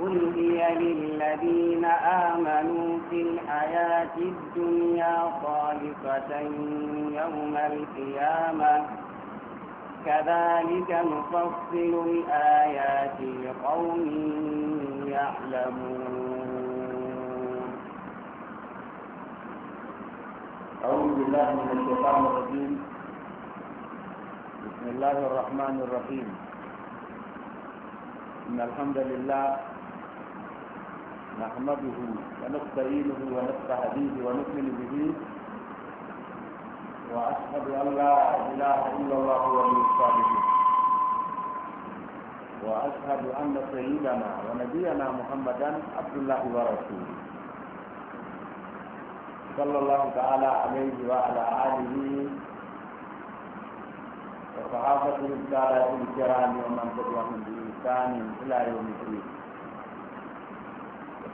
قل هي للذين آمنوا في الحياة الدنيا خالصة يوم القيامة كذلك نفصل الآيات لقوم يعلمون أعوذ بالله من الشيطان الرجيم بسم الله الرحمن الرحيم إن الحمد لله نحمده ونستعينه ونستهديه ونؤمن به واشهد ان لا اله الا الله ولي الصالحين واشهد ان سيدنا ونبينا محمدا عبد الله ورسوله صلى الله تعالى عليه وعلى اله وصحابته السادات الكرام ومن تبعهم باحسان الى يوم الدين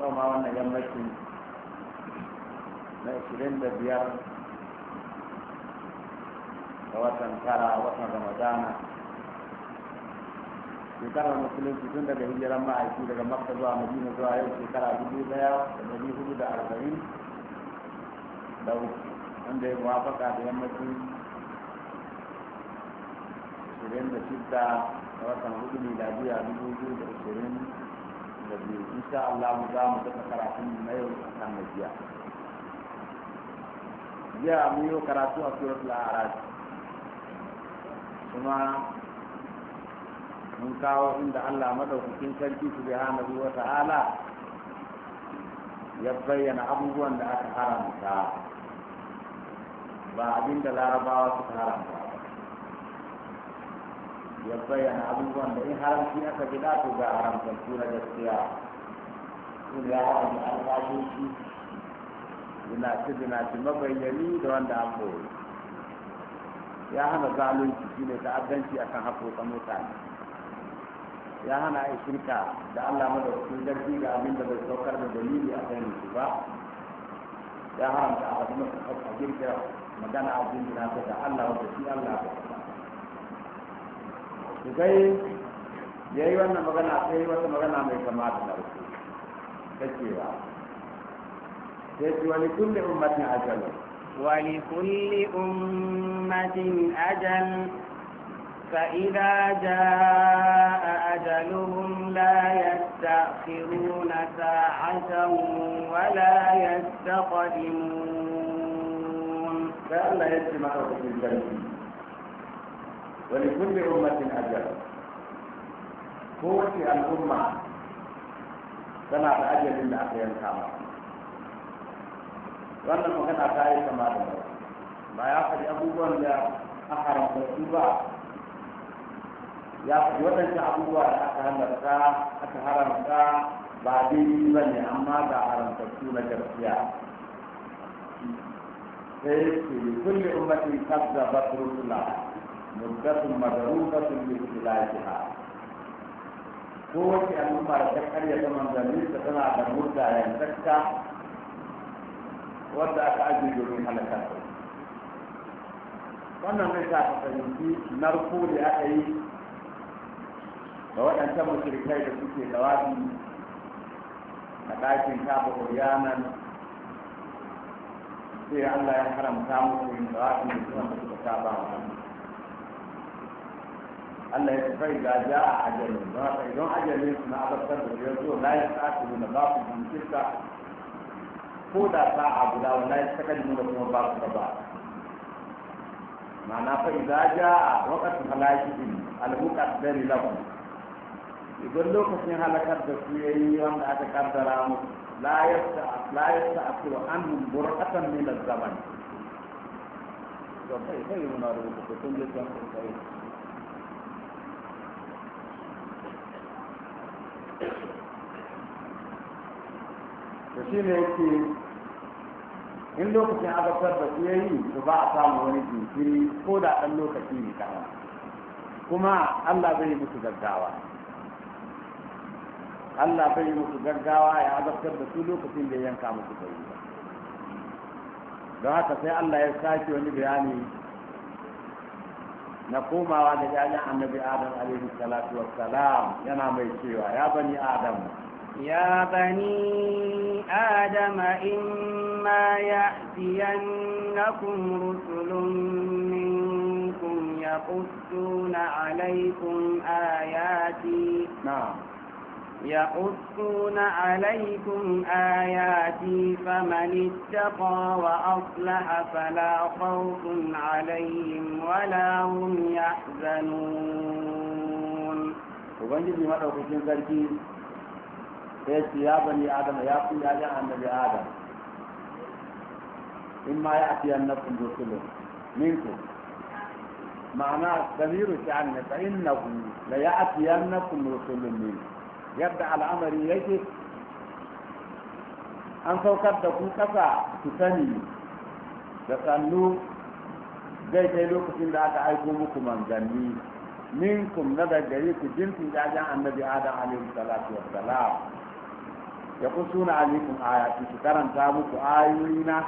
yau ma wannan yammacin na 25 ga watan tara watan ramadana shekarar musulunci tun daga hijiran ma'aiki daga makka zuwa madina zuwa yau shekara dubu da dari da arba'in da wanda ya muwafaka da yammacin ashirin da shidda da watan hudu dubu biyu da ashirin da biyu insha Allah mu za mu dafa karatun na yau kan na jiya jiya mun yi karatu a suratul a'raf kuma mun kawo inda Allah madaukakin sarki subhanahu wa ta'ala ya bayyana abubuwan da aka haramta ba abinda larabawa suka haramta ya bayyana abubuwan da in haramci aka gida to ga haramtattu na gaskiya sun ya haɗa alfashoshi zinaci zinaci mabayyani da wanda an boye ya hana zalunci shi ne ta'addanci a kan haƙoƙa mutane ya hana a shirka da allah madaukakin zargi ga abin da bai saukar da dalili a kan shi ba ya haramta a wasu masu a girka magana a jirgin da allah wata shi allah ba dukai ya yi wannan magana sai yi wata magana mai kama da na rufe ta cewa sai ce wani kulle ummatin ajalu wani kulle ummatin ajal فإذا جاء أجلهم لا يستأخرون ساعة ولا يستقدمون فألا يجمع في الجنة ولكل أمة أجل فوتي الأمة سنة أجل إلا أخيان كاما وأنا مكان أتائي كما دمر ما يأخذ أبو بان يا أحرم بسوبة يا أخي وطن أبو بان أتهم بسا أتهرم بسا بعدين يبني يا أما دا أحرم بسوبة جرسيا سيكون إيه؟ لكل أمة قبضة بطرور الله مدة مدروسة في بابتلاء الجهاد. في أنما أتذكر يتمنى ذلك تتنا على مدة أن تكتا ودا تعجز من حلقاته. وأنا نسعى في نرفو لأي فهو أنت مشركي لكي توابي نتائج كاب قريانا في أن لا يحرم كامو في نتائج كاب قريانا Allah ya fai ga ja a ajalin don haka idan ajalin su na azabtar da ya zo la ya tsaki nuna ba su jinkirta ko da ta a guda wala ya saka da kuma ba su ba ma'ana fa idza jaa waqtu halakihim al-muqaddar lahum idan lokacin halakar da su yayi wanda aka kaddara musu la yasta la yasta akhiru anhum burqatan min zaman to shi ne yake in lokacin azabtar da su yayi to ba a samu wani jinkiri ko da ɗan lokaci ne kama kuma Allah zai musu gaggawa Allah bai yi musu gaggawa ya azabtar da su lokacin da yanka musu bai don haka sai Allah ya sake wani bayani na komawa da yayan annabi adam alaihi salatu wassalam yana mai cewa ya bani adam يا بني آدم إما يأتينكم رسل منكم يقصون عليكم آياتي نعم يقصون عليكم آياتي فمن اتقى وأصلح فلا خوف عليهم ولا هم يحزنون وبنجد ما لو كنت sai ce ya bani adam ya ku ya ga annabi adam in ma ya ati annakum rusulun minku ma'ana damiru sha'ani da ya la ya'ti annakum rusulun ne? yadda al'amari yake an saukar da ku kasa ku sani da sannu zai kai lokacin da aka aiko muku manzanni minkum na da gare ku jinsin jajen annabi adam alaihi salatu salam. ya kusuna alaikum ayati su karanta muku ayoyina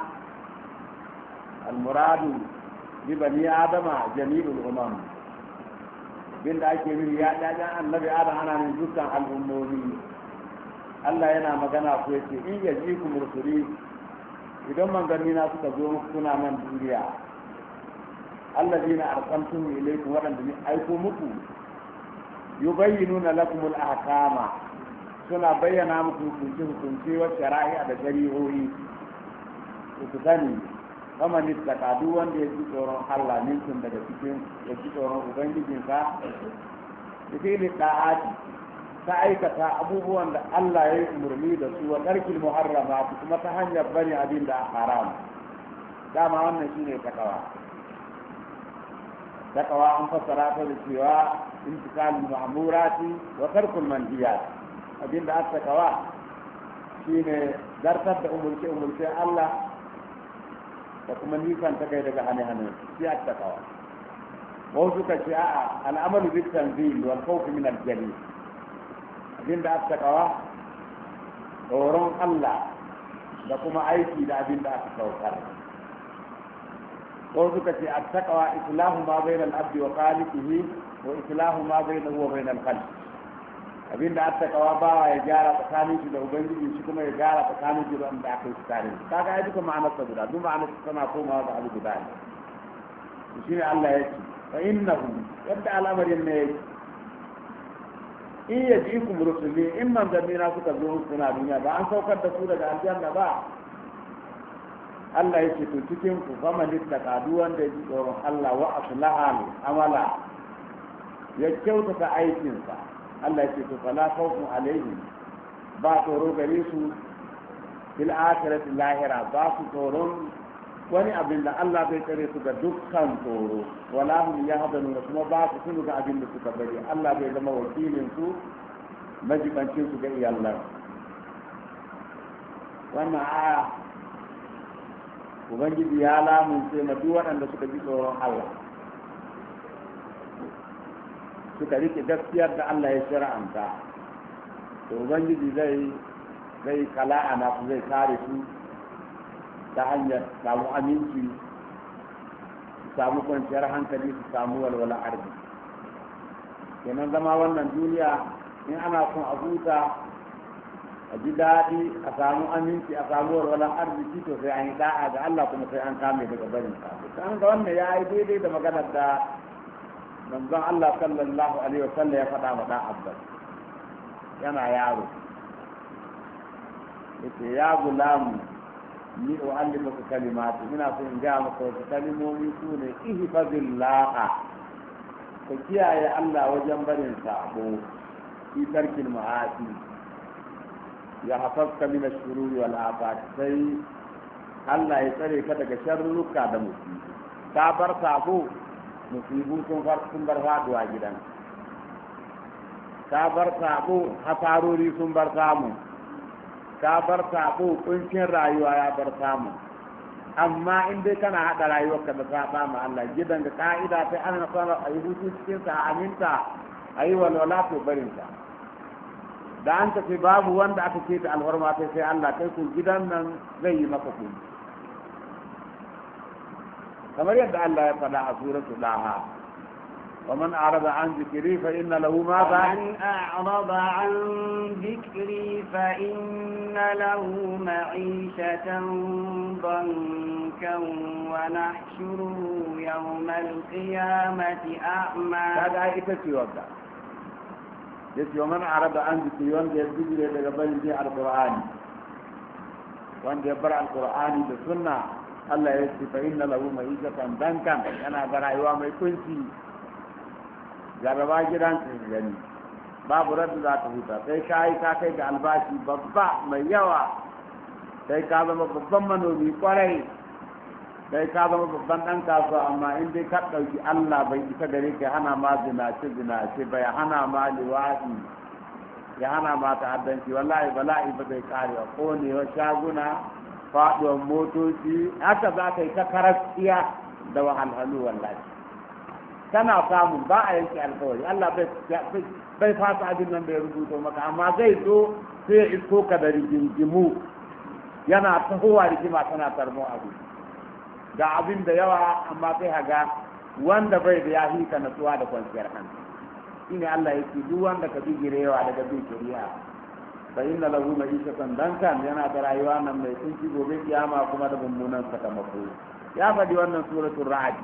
almuradu bi bani adama jami'ul umam bin da ake nufi ya ɗaɗa annabi adam ana nan dukkan al'ummomi Allah yana magana ku yace in yaji ku mursuli idan manzanni na suka zo muku kuna man duniya allazina arsaltum ilaykum wadanda ni aiko muku yubayyinuna lakum al-ahkama suna bayyana muku hukunci hukunci wa shari'a da shari'o'i ku ku sani kama ni daga duk wanda ya ji tsoron Allah minkum daga cikin ya ji tsoron ubangijinsa da fili da'ati ta aikata abubuwan da Allah ya yi umarni da su wa tarkil muharrama kuma ta hanyar bari abin da haram dama wannan shine takawa takawa an fassara ta da cewa intiqal ma'murati wa tarkul manhiyati aka kawa shi shine zartar da umulce umulce Allah da kuma nisan ta kai daga hane hane shi aka kawa wasu suka ce a'a al'amalu bi tanzil wal khawf min al jali da aka kawa tsoron Allah da kuma aiki da da aka saukar wasu suka ce aka kawa islahu ma bainal abdi wa khaliqihi wa islahu ma bainahu wa bainal khalq abin da aka kawa bawa ya gyara tsakanin shi da ubangiji shi kuma ya gyara tsakanin shi da wanda aka yi tsare kaga ya duka sa guda duk sa tana komawa ga abu guda ne shi ne Allah ya ce fa innahu yadda al'amarin ne yake in ya ji ku rusuli in man manzanni na suka zo suna duniya ba an saukar da su daga aljanna ba Allah ya ce to cikin ku fa man da kadu wanda ya ji tsoron Allah wa aslaha amala ya kyautata aikinsa Allah ya ce to fala khawfun alaihim ba tsoro gare su bil akhirati lahira ba su tsoron wani abin da Allah bai tsare su ga dukkan tsoro wala hum kuma ba su tunu ga abin da suka bari Allah bai zama wakilin su majibancin su ga iyallar wannan aya ubangiji ya lamunce ma duk waɗanda suka ji tsoron Allah suka rike gaskiyar da Allah ya shara'anta to ubangiji zai zai kala a nasu zai kare su ta hanyar samu aminci su samu kwanciyar hankali su samu walwala arziki kenan zama wannan duniya in ana son a huta a ji daɗi a samu aminci a samu walwalar arziki to sai an yi da'a ga Allah kuma sai an kame daga barin sa an ga wannan ya yi daidai da maganar da manzon Allah sallallahu alaihi wa sallam ya faɗa wa ɗan Abbas yana yaro Yake ya gulamu ni maka kalimatu, ina so in gaya maka wasu kalimomi su ne ihfazillaha ka kiyaye Allah wajen barin sabo fi tarkil ma'asi ya hafafka min ash wal sai Allah ya tsare ka daga sharruka da musibi ka bar sabo musibu sun sun bar a gidan ka bar hasarori sun bar samu ka bar kuncin rayuwa ya bar samu amma in dai kana haɗa ka da saba ma Allah gidan da ka'ida sai an nasara a yi hutu cikin sa aminta a yi walwala to barin ta da an tafi babu wanda aka ce ta alhorma sai Allah kai ku gidan nan zai yi maka kuma kamar yadda لا ya سورة لها ومن أعرض عن ذكري فإن له ماذا ومن أعرض عن ذكري فإن له معيشة ضنكا ونحشره يوم القيامة أعمى هذا آية تيوبا يتي ومن أعرض عن ذكري وان يذكر لقبل ذي على القرآن وان يبرع القرآن بالسنة Allah ya ce fa inna lahu ma'izatan dankan yana da rayuwa mai kunci garaba gidan su gani babu rabbi za ta huta sai ka yi ka kai da albashi babba mai yawa sai ka zama babban manomi kwarai sai ka zama babban ɗan kasuwa amma in dai ka ɗauki Allah bai isa gare ka hana ma zinace zinace bai hana ma liwa'i ya hana ma ta'addanci wallahi bala'i ba zai kare ko ne wa shaguna faɗuwar motoci haka za ka yi ta karaskiya da wahalhalu wallahi tana samun ba a yanke alkawari Allah bai fasa abin nan bai rubuto maka amma zai zo sai ya isko ka da rigingimu yana tahowa rigima tana tarmo abu ga abin da yawa amma sai haga wanda bai da yahi ka natsuwa da kwanciyar hankali shine Allah yake duk wanda ka bigirewa daga bin shari'a fa inna lahu ma'ishatan dankan yana da rayuwa nan mai tunci gobe kiyama kuma da mummunan sakamako ya faɗi wannan suratul ra'd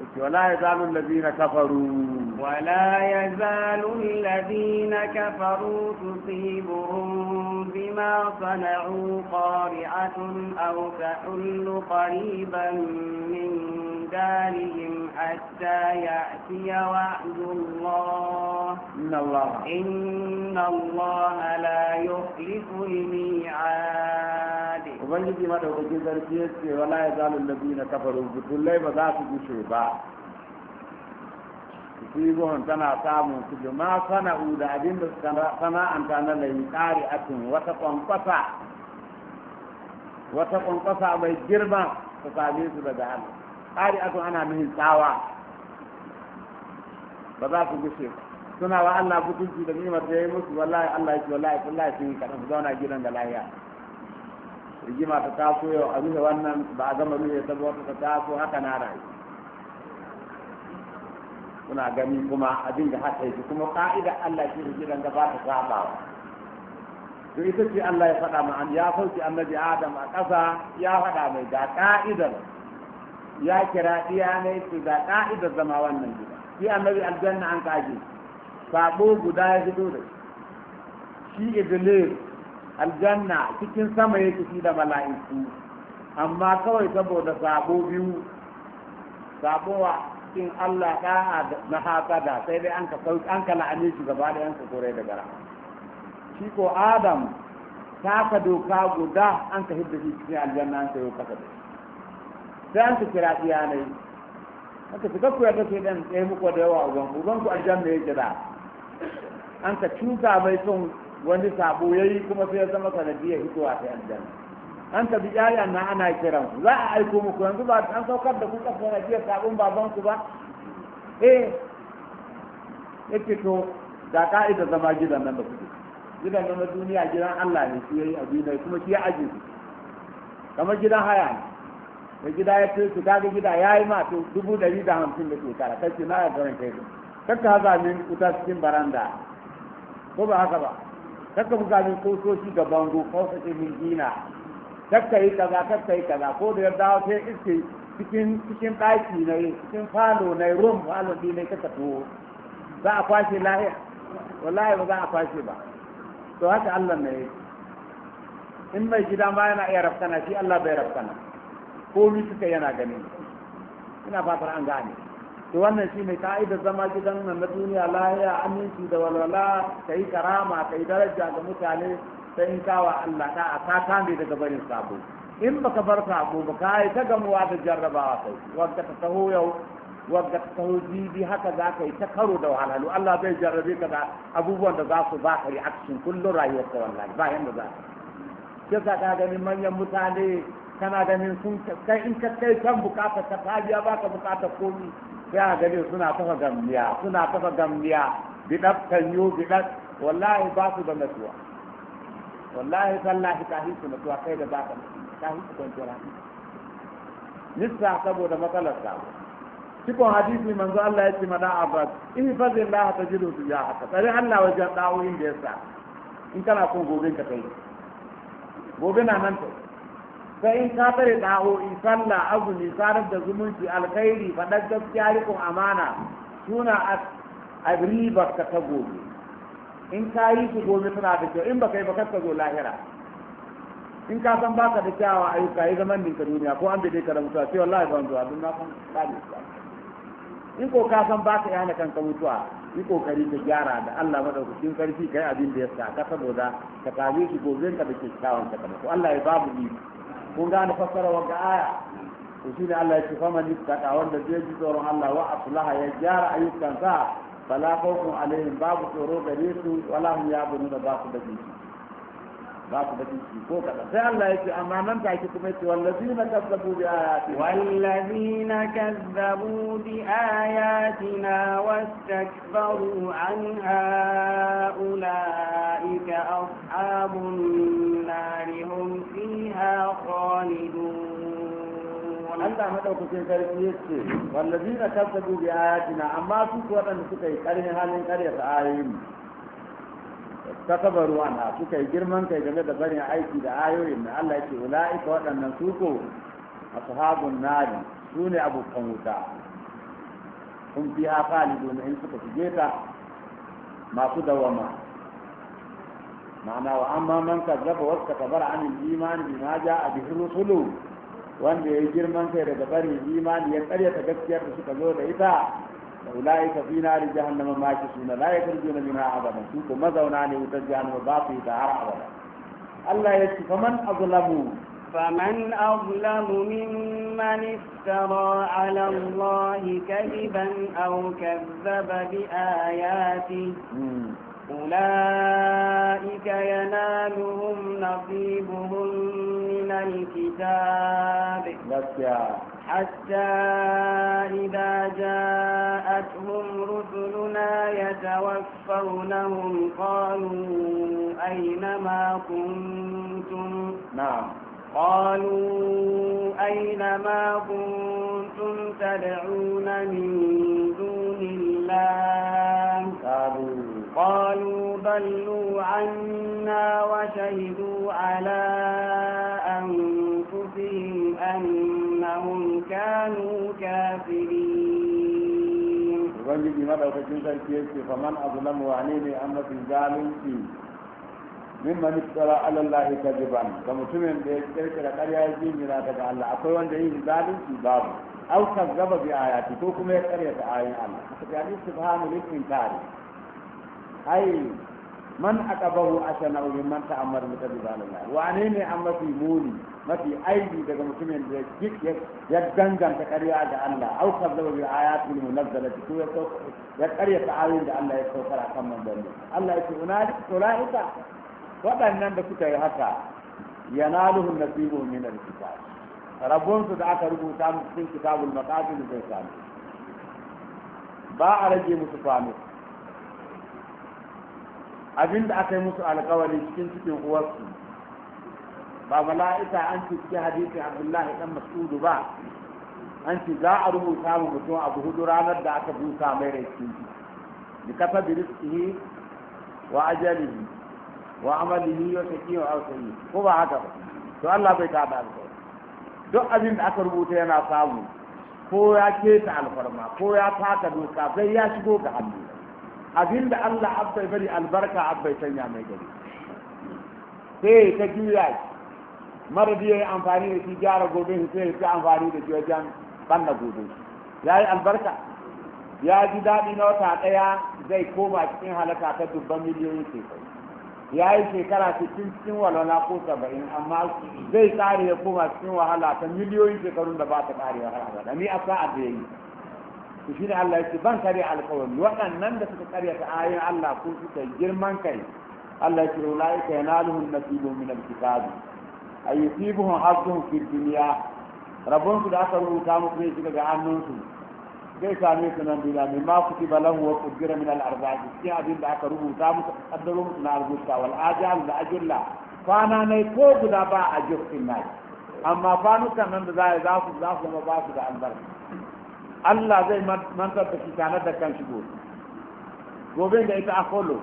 yace wala yazalu allazina kafaru ولا يزال الذين كفروا تصيبهم بما صنعوا قارعة أو تحل قريبا من دارهم حتى يأتي وعد الله إن الله, إن الله لا يخلف الميعاد وبنجي ما دوجي ذلك ولا يزال الذين كفروا بكل لا يبدا في شيء ribuhun tana samun su da ma sana'u da abin da sana'anta na layi ƙari akin wata kwankwasa wata kwankwasa mai girma su same su daga hannu ƙari akin ana mihin tsawa ba za su gushe suna wa Allah butunci da nimar ta ya yi musu wallahi Allah ya ce wallahi wallahi sun yi kaɗan su zauna gidan da lahiya rigima ta taso yau a rufe wannan ba a gama rufe saboda ta taso haka na rayu suna gani kuma abin da haka yake kuma ka'ida Allah shi ne kiran da ba ta sabawa to ita ce Allah ya faɗa ma an ya sauki annabi Adam a ƙasa ya faɗa mai ga ka'idar ya kira iya ne su ga ka'idar zama wannan gida shi annabi aljanna an kaje sabo guda ya fito da shi Idris aljanna cikin sama yake shi da mala'iku amma kawai saboda sabo biyu sabowa in Allah da'a na hasada sai dai an ka an la'ani shi gaba da yanka kore da gara shi ko Adam ta ka doka guda an ka hidda shi cikin aljanna an ka yau kasa da sai an ka kira iyanai haka su kakkuya take dan tsaye muku da yawa uban uban ku aljanna ya da an ka cuta mai son wani sabo yi kuma sai ya zama sanadiyar hitowa ta aljanna an tafi yaya na ana kiran za a aiko muku yanzu ba an saukar da ku kafin na jiya sabon babanku ba eh yake to ga ka'ida zama gidan nan da kuke gidan nan na duniya gidan Allah ne shi yayi abin da kuma shi ya aje su kamar gidan haya ne da gida ya ce su kaga gida yayi ma to dubu ɗari da hamsin da shekara kace na ya garan kai kakka haza min wuta cikin baranda ko ba haka ba kakka buga min kososhi ga bango ko sace min gina kakka yi kaza kakka yi kaza ko da yadda dawo iske cikin cikin ɗaki na yi cikin falo na yi rum falo ɗi na yi kaka tuwo za a kwashe lahiya wallahi ba za a kwashe ba to haka Allah na yi in mai gida ma yana iya rafkana shi Allah bai rafkana Ko mi suka yana gani ina fatar an gane to wannan shi ne ka'ida zama gidan nan na duniya lahiya aminci da walwala ka yi karama ka yi daraja ga mutane sai in kawo Allah ta a ka kame daga barin sabo in baka bar sabo ba ka yi ta gamuwa da jarrabawa kai wanda taho yau wanda taho jibi haka za ka yi ta karo da wahalhalu Allah zai jarrabe ka da abubuwan da za su ba ka reaction kullum rayuwar ka wallahi ba yanda za ka sai ka ganin manyan mutane kana ganin sun kai in ka kai kan bukatar ta bukatar komi sai a gare suna tafa gambiya suna tafa gambiya bidat kan wallahi ba su da natuwa. wallahi ta kafin su tuwa kai da za ka mutu kafin su kwanciyar Nisa saboda matsalar samu cikin hadisi manzo Allah ya ce mana Abbas in fadin Allah ta jiru su ya haka tsari Allah wajen dawoyin da ya sa in kana son gobe ka kai gobe na nan ta sai in ka tare in sallah azumi sarar da zumunci alkhairi faɗar gaskiya rikon amana suna a ribar ka ta gobe in ka yi su gobe suna da kyau in ba ka yi ba ka zo lahira in ka san baka da kyawa ayyuka yi zaman ninka duniya ko an bide ka da mutuwa sai wallahi ban zuwa don na san kare in ko ka san baka yana kanka mutuwa yi kokari ka gyara da Allah madaukakin sarki kai abin da ya sa ka saboda ka kame shi gobe ka da kawon ka ko Allah ya babu ni kun gane fassara wa aya to shine Allah ya ce faman ta wanda zai ji tsoron Allah wa aslaha ya gyara sa فلا خوف عليهم باب تورو دليس ولا هم يعبدون باب دليس باب دليس فوق هذا سأل الله يكي أما من تعيشكم يكي والذين كذبوا بآياتنا والذين كذبوا بآياتنا واستكبروا عنها أولئك أصحاب النار هم فيها خالدون Allah madaukakin sarki ya ce wallazi na kazzabu bi ayatina amma su waɗanda suka yi ƙarfin halin ƙarya ta ayoyin ta taba ruwana suka yi girman kai game da barin aiki da ayoyin na Allah ya ce ula'ika waɗannan su ko ashabun nari su ne abokan wuta kun fi ha khalidun in suka shige ta masu dawama ma'ana wa amma man kazzaba wasu ka tabara an imani ja a bihi rusulu wanda ya girman sai daga bari imani ya ta gaskiyar da suka zo da ita ulai ka fina li jahannama ma ki suna la yakhrujuna minha abadan su ko mazauna ne wutar jahannama ba su ta har abada Allah ya ce faman azlamu faman فمن أظلم istara ala على kadiban aw kazzaba bi ayati أولئك ينالهم نصيبهم من الكتاب حتى إذا جاءتهم رسلنا يتوفونهم قالوا أين ما كنتم نعم قالوا أين ما كنتم تدعون من دون الله قالوا تولوا عنا وشهدوا على أنفسهم أنهم كانوا كافرين ربنا جي مدى وفجنسا الكيس فمن أظلم وعنيني أن في ذلك ممن افترى على الله كذبا فمسلم بيتك لقريا يزين من أخذ الله أقوى أن جهين ذلك باب أو كذب بآياتي توكم يقريا في آيات الله فكذلك سبحانه لك من تاريخ أي man aqabahu asana wa man ta'ammar mutadallallah wane ne an amati muni mafi aibi daga mutumin da ya danganta ƙarya ga Allah au kazzaba bil ayatil munazzalati ko ya ƙarya ta ayoyin da Allah ya saukar akan manzanni Allah ya ce ulaika wadannan da suka yi haka yanaluhum nasibu min al-kitab su da aka rubuta musu cikin kitabul maqasid zai sai ba a rage musu kwanu abinda aka yi musu alkawari cikin cikin uwarsu ba mala'ika an ce cikin hadisi abdullahi dan mas'udu ba an ce za a rubuta mu mutum abu hudu ranar da aka busa mai rai cikin bi kafa bi rizqihi wa ajalihi wa amalihi wa shaqiyin aw sayyid ko ba haka ba to Allah bai ta da alkawari duk abin da aka rubuta yana samu ko ya keta alfarma ko ya taka doka sai ya shigo ga hannu abinda Allah abbai bari albarka abbai sanya mai gari sai ta juya mara da yi amfani da shi gyara gobe sai ya amfani da shi wajen banna gobe ya yi albarka ya ji daɗi na wata ɗaya zai koma cikin halaka ta dubban miliyoyin shekaru ya yi shekara cikin cikin walwala ko saba'in amma zai tsare ya koma cikin wahala ta miliyoyin shekarun da ba ta ƙarewa har abada ni a sa'a da ya yi to shine Allah yake ban kare alƙawari waɗannan da suka karyata ayoyin Allah ko suka girman kai Allah yake ulaika yanaluhum nasibun min al-kitab ay yusibuhum hazzun fi dunya rabon su da aka rubuta muku ne daga hannunsu zai same su nan duniya mai ma kuti balahu wa gira min al-arzaq cikin abin da aka rubuta muku kaddaro muku na rubuta wal ajal da ajulla kwana ne ko guda ba a jirkin nai amma kwanukan nan da za su zama ba su da albarka Allah zai mantar da shi tare da kan shigo gobe da ita akolo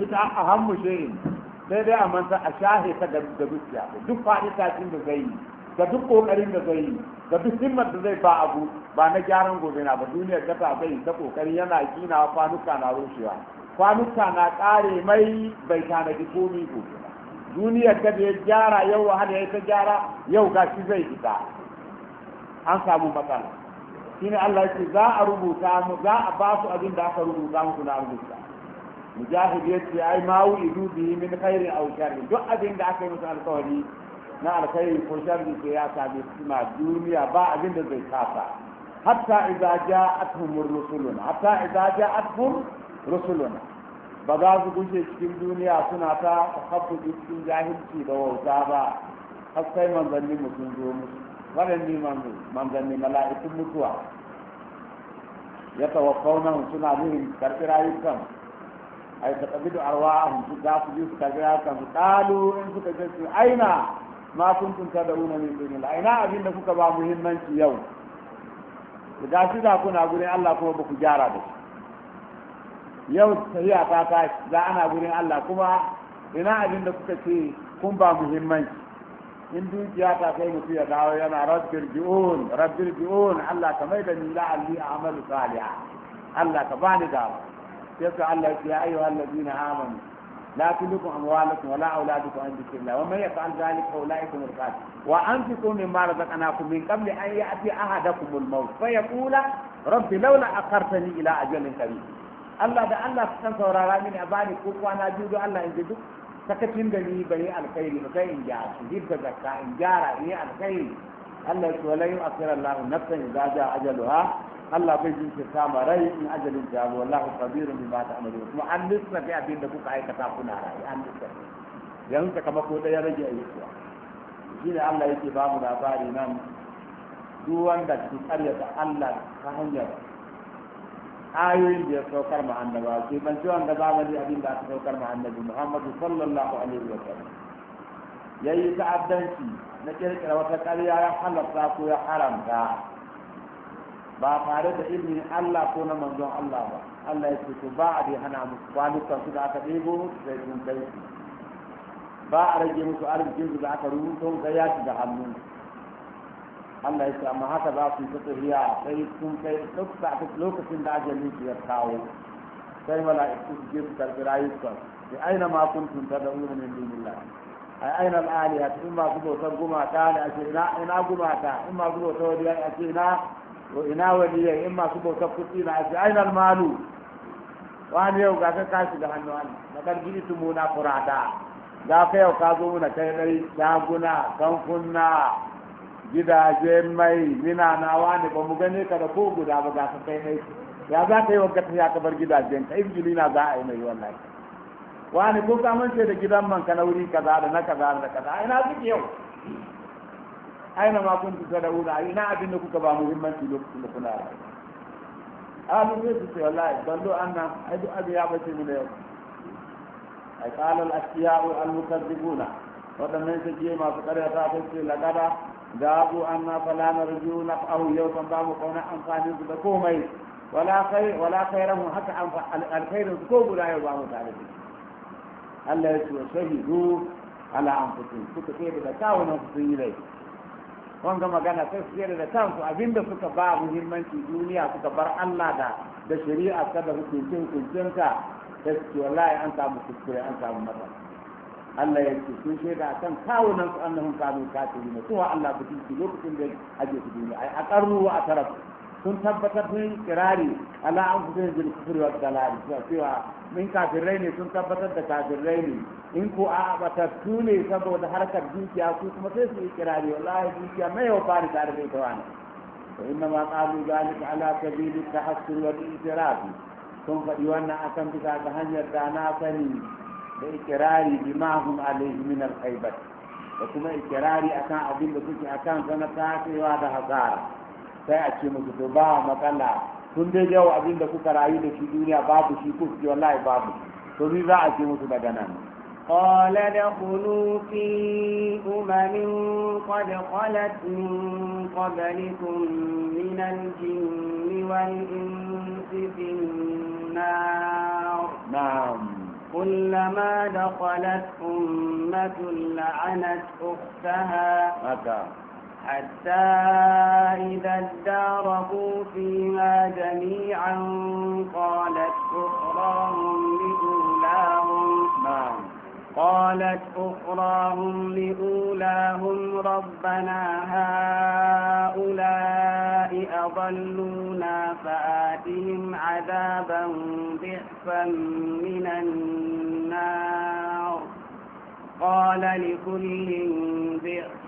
ita a hammu shirin sai dai a manta a shahe ta da dukiya duk faɗi tashin da zai yi da duk kokarin da zai yi da duk himmar da zai ba abu ba na gyaran gobe na ba duniyar da ta zai ta kokari yana gina kwanuka na rushewa kwanuka na kare mai bai tanadi komi gobe ba duniyar da ya gyara yau wahala ya ta gyara yau gashi zai fita an samu matsala shine Allah ya ce za a rubuta mu za a ba su abin da aka rubuta muku na rubuta mujahid ya ce ai ma idu bihi min khairin aw sharrin duk abin da aka yi musu alkawari na alkhairi ko sharri ke ya sabe su ma duniya ba abin da zai kasa hatta idza ja'atuhum rusuluna hatta idza ja'atuhum rusuluna ba za su gushe cikin duniya suna ta haffu cikin jahilci da wauta ba har sai manzanni mutum zo musu waɗanne manzanni mala'ikun mutuwa ya tawaffauna suna nuhin karfi rayukan ai ta tabi da arwahun su za su ji su karfi rayukan su Ɗalu in suka ce su aina ma kun tunta da una min dunil aina abin da kuka ba muhimmanci yau ga shi da kuna gurin Allah kuma ba ku gyara da shi yau sahiya ta tashi za ana gurin Allah kuma ina abin da kuka ce kun ba muhimmanci in dukiya ta kai mutu ya dawo yana rabbir ji'un rabbir ji'un Allah ka mai da ni la'alli a'malu salihah Allah ka bani dama yasa Allah ya ayyuhal ladina amanu لا تلكم أموالكم ولا أولادكم عن ذكر الله ومن يفعل ذلك فأولئك هم الخاسرون وأنفقوا مما رزقناكم من قبل أن يأتي أحدكم الموت فيقول رب لولا أخرتني إلى أجل قريب الله ده الله سبحانه وتعالى من أباني كوكو أنا جود الله إن جدك sakacin da ni bai yi alkhairi ba sai in gyara in da zakka in gyara in yi alkhairi Allah ya ce wala yin akira Allah nafsan idza ja ajaluha Allah bai jinkirta sama rai in ajalin ta zo bi ba ta ta'malu kuma an lissafi abin da kuka aikata kuna rai an lissafi yanzu ko ɗaya rage ayyuka shi ne Allah yake ba mu labari nan duk wanda ki karyata Allah ta hanyar ayoyin da ya saukar ma annaba ke ban ci wanda zamani abin da aka saukar ma annabi muhammadu sallallahu alaihi wa sallam yayi ta'addanci na kirkira wata ƙarya ya halatta ko ya haramta ba tare da izinin Allah ko na manzon Allah ba Allah ya ce to ba a hana musu kwanukan su da aka ɗebo sai sun kai su ba a rage musu arzikin su da aka rubuta ga ya da hannu Allah ya ce amma haka za su ta tafiya sai sun kai lokacin da ajiyar su ya kawo sai mala'iku su je su karfi rayukan da aina ma kuntum tad'una min dunillah ai aina al ta in ma ku bautar gumata da ake ina ina gumata in ma ku bautar wadiya ce ina ko ina wadiya in ma ku bautar kuɗi na ake aina malu wani yau ga ka kashi da hannu hannu na karbi tumuna furata za ka yau ka zo muna kai ɗari daguna kankunna gidajen mai zina nawa ne ba mu gane ka da ko guda ba ga ka kai mai ya za ka yi wanka ta ka bar gidajen ka in jilina za a yi mai wallahi wani ko ka mance da gidan man ka na wuri kaza da na kaza da kaza ina na zuke yau aina ma kun tuta da A ina abin da kuka ba muhimmanci lokacin da kuna rayuwa قالوا كيف في الله قالوا أن أدو أبيابتي من يوم أي قال الأشياء المكذبون وتمنى سجيه ما ta يتعطي لقد gabu amma fala narju naf'ahu yau kan ba mu kauna amfanin su da komai wala khair wala khairahu haka alkhairin ko guda yau ba mu tare Allah ya ce wa shahidu ala anfusihim suka ce da kawunan su sun yi laifi wanga magana sai su da kansu abinda suka ba muhimmanci duniya suka bar Allah da da shari'a kada hukuncin hukuncinka sai su ce wallahi an samu kuskure an samu Allah ya ce sun shaida a kan kawunan su annahun kanu kafiri ne kuma Allah ku tinki lokacin da aje su duniya a karnu wa a taraf sun tabbatar sun kirari ala an fi sun bil kufri wa dalali cewa min kafirai ne sun tabbatar da kafirai ne in ko a batattu ne saboda harkar dukiya su kuma sai su yi kirari wallahi dukiya mai yau fari tare da ita wani to inna ma qalu zalika ala sabili tahassur wa i'tiraf sun faɗi wannan akan bisa ga hanyar da na sani da ikirari bi ma alaihi min al-ghaibat da kuma ikirari akan abin da suke akan sana tasewa da hasara sai a ce musu to ba matsala tun dai yau abin da kuka rayu da shi duniya babu shi ku ji wallahi babu to ni za a ce musu daga nan قال ادخلوا في أمم قد خلت من قبلكم من الجن والإنس في كلما دخلت أمة لعنت أختها حتى إذا اداركوا فيها جميعا قالت أخراهم لأولاهم نعم قالت أخراهم لأولاهم ربنا هؤلاء أضلونا فآتهم عذابا ضعفا من النار قال لكل ضعف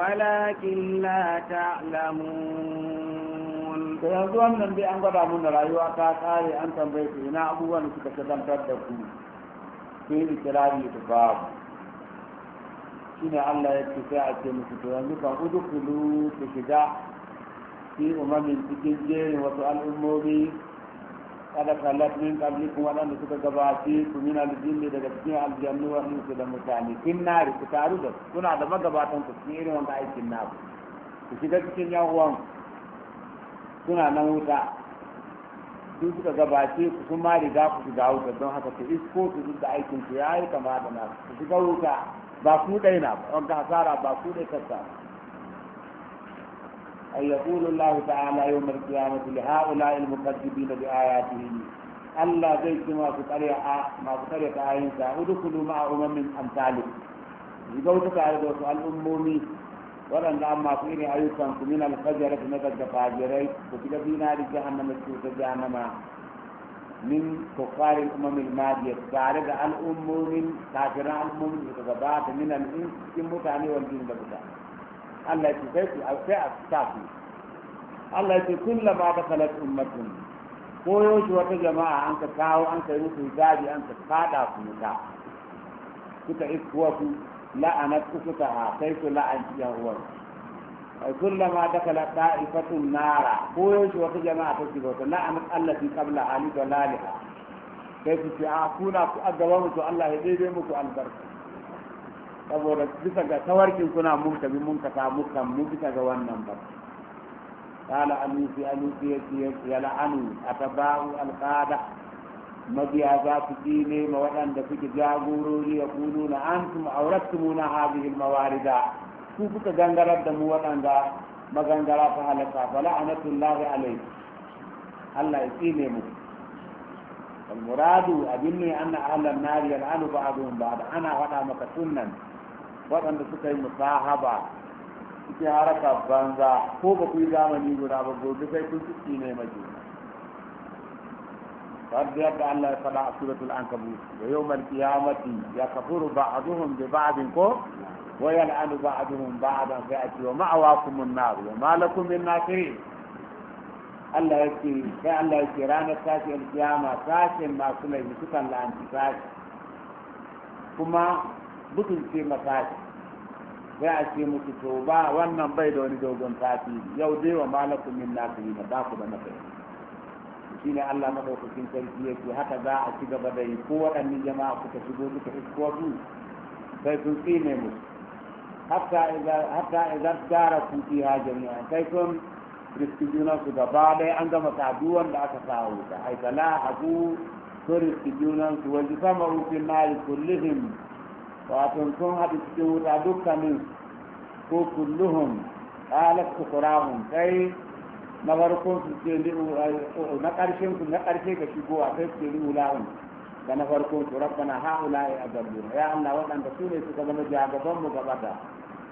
ولكن لا تعلمون فيرضون من بأنقضى من رأيوا كاكاري أنتم بيتنا أبوان كتبتم تردكم sai ikirari da babu shine Allah ya ce sai a ce musu to yanzu kan udkhulu ku shiga fi umamin cikin jerin wasu al'ummomi kada kallat min nan waɗanda suka gabace ku min ne daga cikin aljannu wa su da mutane kin nari ku taru da kuna da magabatan ku cikin irin wanda aikin naku ku shiga cikin yawon suna nan wuta su suka gabace ku sun ma riga ku shiga wuta don haka ku isko ku duk da aikin ku ya yi kama da nasu ku shiga wuta ba ku na ba wanda hasara ba ku kasa ay yaqulu Allah ta'ala yawm al-qiyamati li ha'ula'i al bi ayatihi Allah zai ce masu ƙarya a masu ƙarya ta ayin sa udkhulu ma'a umamin tare da wasu al'ummomi ولن لما نعم فيني أيضاً من الخجرة نجد فاجري وكذا فينا لجهنم السوط جهنم من كفار الأمم المادية تعرض الأم من تعجر الأمم المتضبات من الإنس المتعني والجن بكتا الله يتفاكي أو سعب تعطي الله يتفاكي كل ما دخلت أمتهم قويوش وتجمع أنك كاو أنك يوسف زادي أنك قادة في مكا كتعيك هو في la'anat ukhtaha kai su la'anci yan uwan kullama dakala da'ifatun nara ko yaushe wata jama'a ta shiga wata la'anat allati qabla ali dalaliha sai su a kuna ku a gaba mutu Allah ya daidai muku albarka saboda bisa ga tawarkin kuna mun tabi mun wannan ba qala a anusi ya ya mabiya za su tsine ma waɗanda suke jagorori ya kunu na an su na mawarida su suka gangarar da mu waɗanda magangara ta halaka fala anatun lahi alai Allah ya tsine mu almuradu abin ne anna ahlan nari Ba ba'dhum ba'd ana faɗa maka sunnan waɗanda suka yi musahaba cikin haraka banza ko ba ku yi zamani guda ba gobe sai kun tsine maji رب أنهم يقولون أنهم يقولون أنهم يقولون أنهم يقولون أنهم يقولون أنهم يقولون أنهم يقولون أنهم النار وما لكم من ناصرين الله يكفي فعل الله يكفي رانا ساتي القيامة ساتي ما سلي بسكن لأنت ساتي كما بطل في مساتي فيأتي متتوبة وانا بيدوني دوغن ساتي يودي وما لكم من ناصرين داخل نفسي ina Allah madaukakin sarki yake haka za a ci gaba da yi ko waɗannan jama'a kuka shigo kuka iskuwa su sai sun tsine mu hatta idan hatta idan dara ku fiha jami'a sai kun riski juna su gaba dai an gama saduwan da aka sawo ta kala haku sun riski junan su wajen sama rufin nari kullihim wato sun haɗu cikin wuta dukkanin ko kulluhum ƙalar sukurahun sai na farkon su ce eh, oh, na ƙarshen su na karshe ka shigo a kai su liru lahun da na farkon su rabbana haula ya azabuna ya Allah waɗanda su ne suka zama jagaban mu gabata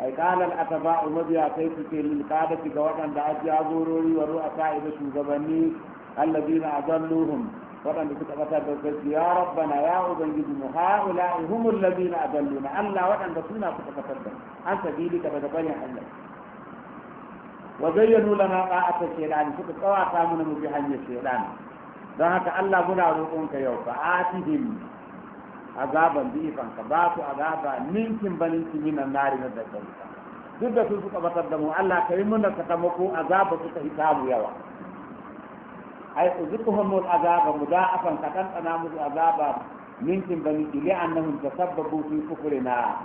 ai kalal ataba umabiya kai su ce lil qadati ga waɗanda a jagorori wa ru'asa da shugabanni allazina azalluhum waɗanda suka bata da gaske ya rabbana ya ubangiji mu haula humul ladina adalluna Allah waɗanda suna suka fatar da an sabili daga bayan Allah wa zayyanu lana ta'ata shaytan suka tsawata mana mu bi hanyar shaytan don haka Allah muna roƙon ka yau fa atihim azaban bi ifan ka ba su azaba ninkin baninki minan nari na da kanka duk da su suka batar da mu Allah ka yi mana sakamako azaba suka hisabu yawa ai uzukuhum azaba mudafan ka kan tsana musu azaba ninkin baninkin li'annahum tasabbabu fi kufrina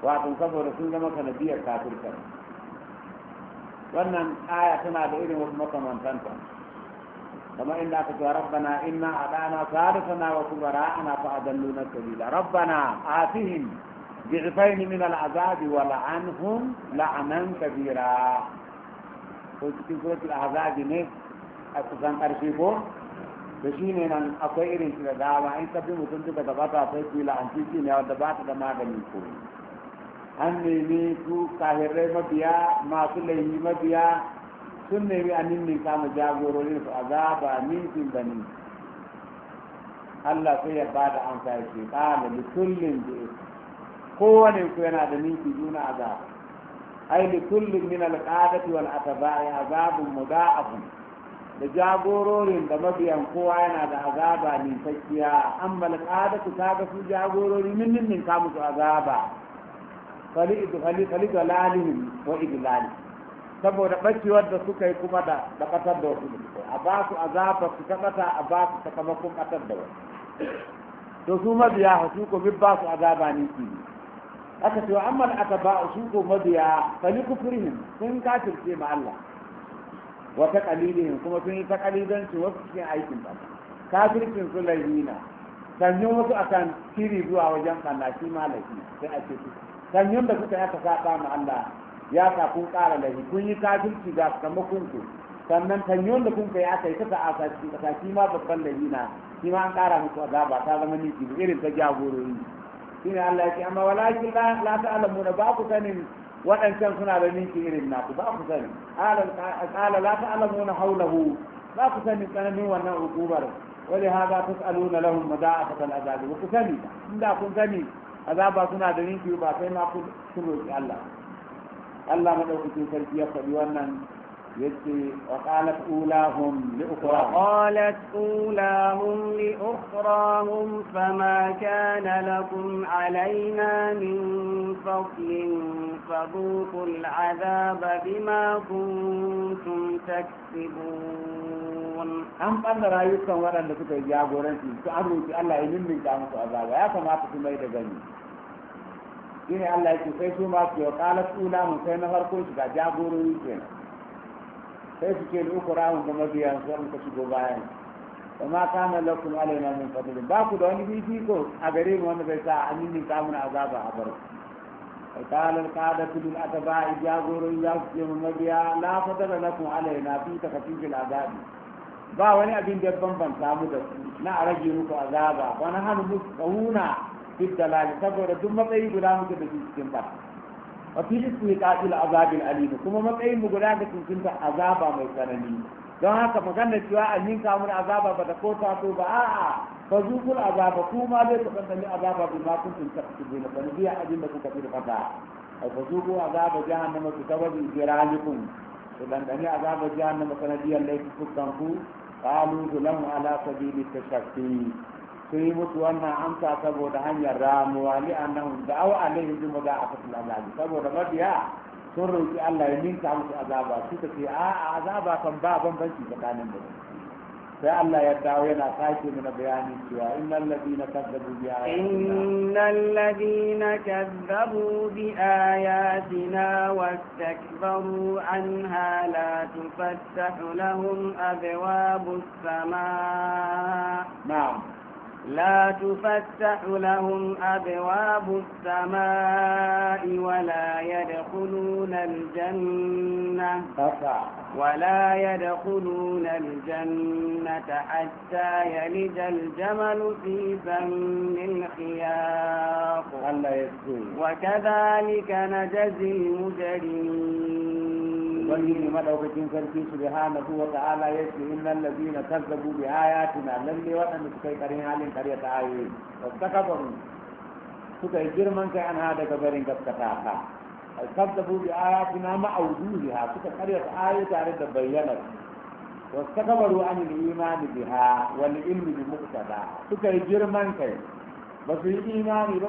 kun saboda sun zama sanadiyar kafirka wannan aya tana da irin wasu makamantanta كما إن أخذ ربنا إنا أعطانا ثالثنا وكبراءنا فأذلونا السبيل ربنا آتهم ضعفين من العذاب ولعنهم لعنا كبيرا وفي سورة الأعذاب نفس أتسان أرشيبو بشيني نان أقوى إرين سيدا دعوة إن تبين وتنتبه دباتا فيكي لعنتيكي نيو دباتا دماغا من كوري an nemi su kahirai mabiya masu laihi mabiya sun nemi a ninnin kama jagororin su azaba ninkin da ninkin Allah sai ya ba da sai ya ce ƙala li kullin bi kowane ku yana da ninki juna azab ai li kullin min al qadati wal atba'i azabun mudha'afun da jagororin da mabiyan kowa yana da azaba ninkakkiya amma al qadatu kaga su jagorori min ninnin kama su azaba falidu wa idlali saboda bacewar da suka yi kuma da da katar da wasu a ba su azaba su kabata a ba su sakamakon katar da wasu to su mabiya su ko bi ba su azaba ne ki aka ce amma aka ba su ko mabiya fali kufrihim sun kafirce ma Allah wa ta kuma sun yi ta qalilanci wasu cikin aikin ba kafircin su laihina sanyin wasu akan kiri zuwa wajen kanna shi malaki sai a ce su dan yanda kuka yaka saba ma Allah ya sa kun kara laifi kun yi kafirci ga kamakun ku sannan kan yanda kun kai aka yi ta ta'asa cikin ƙasa shi ma babban laifi na shi ma an ƙara muku azaba ta zama jibi irin ta jagorori shine Allah ya ce amma walakin la ta'lamuna ba ku sanin waɗancan suna da ninki irin naku ba ku sani ala la ta'lamuna hawlahu ba ku sani tsananin wannan hukumar wali hada tas'aluna lahum mada'afat al-azab ku sani inda kun sani azaba suna da rinki ba sai na kun roƙi Allah Allah madaukakin sarki ya faɗi wannan يجي وقالت أولاهم لأخراهم وقالت أولاهم لأخراهم فما كان لكم علينا من فضل فذوقوا العذاب بما كنتم تكسبون أم أن رأيكم ولا لكم جاغورنتي تأمروا الله إن من كانوا عذاب يا كما تسمى دغني shine الله yake sai في وقالت أولاهم qalat ulamu sai na sai su ce uku rahun da mabiyan su wanda shigo bayan da ma kana lakum alaina min fadl ba ku da wani bibiko a gare mu wanda bai sa aminin kamun azaba a bar قال القادة للأتباع جاغور يوم مبيا لا فضل لكم علينا في تخفيف العذاب ba wani abin da bamban samu da su na a rage muku azaba wani hannu musu kauna fit dalali saboda duk matsayi guda muke da su cikin ba wa fi rizqi qatil azabil alim kuma matsayin mu guda da tuntunta azaba mai tsanani don haka maganar cewa an yin kamun azaba ba da ko taso ba a'a fa zuqul azaba kuma zai ku dandani azaba bi ma kuntum tasbihuna fa biya abin da kuka firfata ai fa zuqu azaba jahannama ku tawabi jiralikum ku dandani azaba jahannama sanadiyar laifin kukan ku قالوا له ala سبيل التشفي sun yi mutu wannan amsa saboda hanyar ramuwa li annahum da awa alaihi bi maza a fasul azabi saboda mabiya sun roki Allah ya ninka musu azaba suka ce a azaba kan ba bambanci tsakanin da sai Allah ya dawo yana sake mana bayani cewa innal ladina kazzabu bi ayatina innal ladina kazzabu bi ayatina wastakbaru anha la tufattahu lahum abwabus samaa na'am لا تفتح لهم أبواب السماء ولا يدخلون الجنة ولا يدخلون الجنة حتى يلج الجمل في سم الخياط وكذلك نجزي المجرمين ubangiji madaukakin sarki su subhanahu wa ta'ala yace innal ladina kazzabu bi ayatina lalle waɗanda suka yi karin halin karya ta ayoyi wasakabaru suka yi girman kai an hada ga barin gaskata ka kazzabu bi ayatina ma auduha suka karya ta ayoyi tare da bayyana wasakabaru an imani biha wani ilmi bi muqtada suka yi girman kai ba su yi imani ba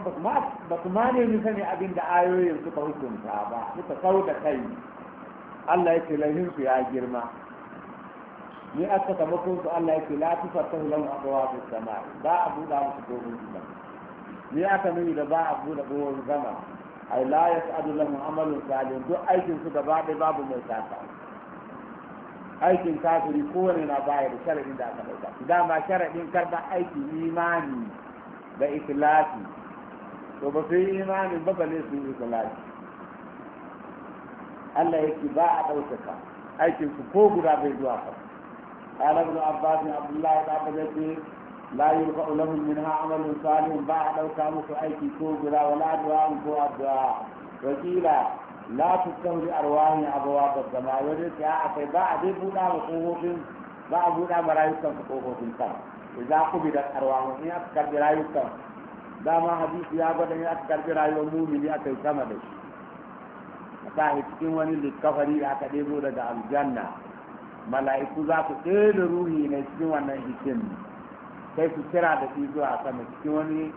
ba su ma ne sani abin da ayoyin suka hukunta ba suka kau da kai Allah ya ce lahin su ya girma ni aka tamakon su Allah ya ce la tufa ta hulan abuwa su sama ba a buɗa musu dogon gida ni aka nuni da ba a buɗa dogon gama ai la ya sa'adu lahum amalin salih duk aikin su gaba ɗaya babu mai sata aikin kafiri kowane na bayar da sharaɗin da aka ɗauka dama sharaɗin karɓar aiki imani da ikhlasi to ba su yi imanin ba ba ne su yi ikhlasi Allah yake ba a ɗaukaka aikin su ko guda bai zuwa ba qala ibn abbas abdullahi da abbas yake la yurfa'u lahum minha amalun salihun ba a ɗauka musu aiki ko guda wala du'a ko addu'a wakila la tustawi arwahi abwab as-sama wani ta akai ba a dai buɗa wa kofofin ba a buɗa ma rayukan su kofofin sama idza qubidat arwahu in aka karbi rayukan dama hadisi ya gwada in aka karbi rayuwar mumini aka yi sama da shi lillahi cikin wani likafari da aka ɗebo daga aljanna mala'iku za su ɗaya ruhi na cikin wannan jikin sai su kira da shi zuwa sama cikin wani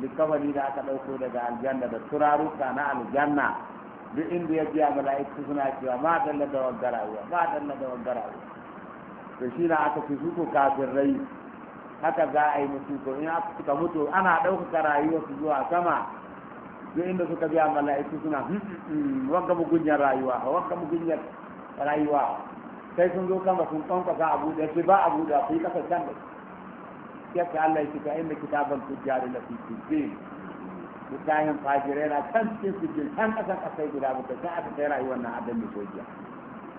likafari da aka ɗauko daga aljanna da turaruka na aljanna duk inda ya biya mala'iku suna cewa ma dalla da wangarawa ma dalla da wangarawa to shi na aka fi suko kafin rai haka za a yi mutu ko in aka suka mutu ana ɗaukaka rayuwarsu zuwa sama duk inda suka biya mala'iku suna hmm, hmm, hmm, wanka mu mugunyar rayuwa wanka mu mugunyar rayuwa sai sun zo kama sun kwankwasa a buɗe sai ba a buɗe ku yi kasar can da ya ce Allah ya ce ka inda kitaban tujjari na fi tujjin littafin fajirai na can cikin tujjin can ƙasar ƙasai guda bakwai sai aka kai rayuwar na adam da sojiya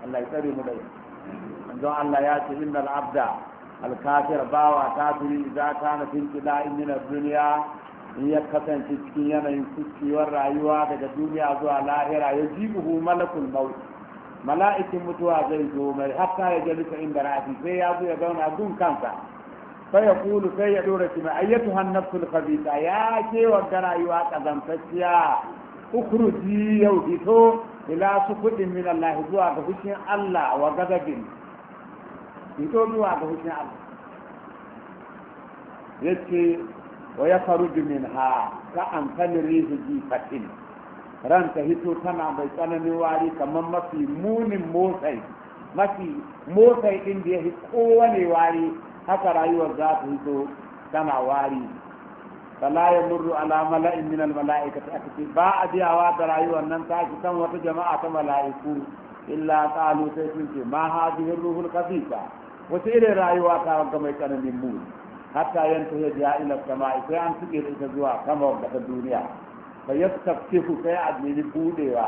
Allah ya tsare mu da yau don Allah ya ce innal abda al-kafir bawa kafiri idza kana fil ila'i min ad-dunya in ya kasance cikin yanayin kuskewar rayuwa daga duniya zuwa lahira ya ji buhu malakul maut mala'ikin mutuwa zai zo mai hatta ya jalisa inda rafi sai ya zo ya zauna gun kansa sai ya kulu sai ya dora shi mai ayyatu hannafsul khabisa ya ke wanda rayuwa kazantacciya ukhruji yau fito ila su kudin min Allah zuwa ga hushin Allah wa gadabin fito zuwa ga hushin Allah yace wa ya faru jimin ha ka an kan rihu jifatin ran ta hito tana mai tsananin wari kamar mafi munin motsai mafi motsai ɗin da ya fi kowane wari haka rayuwar za ta hito tana wari fala ya murru ala mala'in min almala'ikati akati ba a biyawa da rayuwar nan ta fi kan wata jama'a ta mala'iku illa qalu sai sun ce ma hadhihi ruhul qafifa wata irin rayuwa ta ga mai tsananin muni hatta yanto ya biya ila sama'i sai an tuke da ita zuwa sama wanda ta duniya fa yastaftihu sai a nemi budewa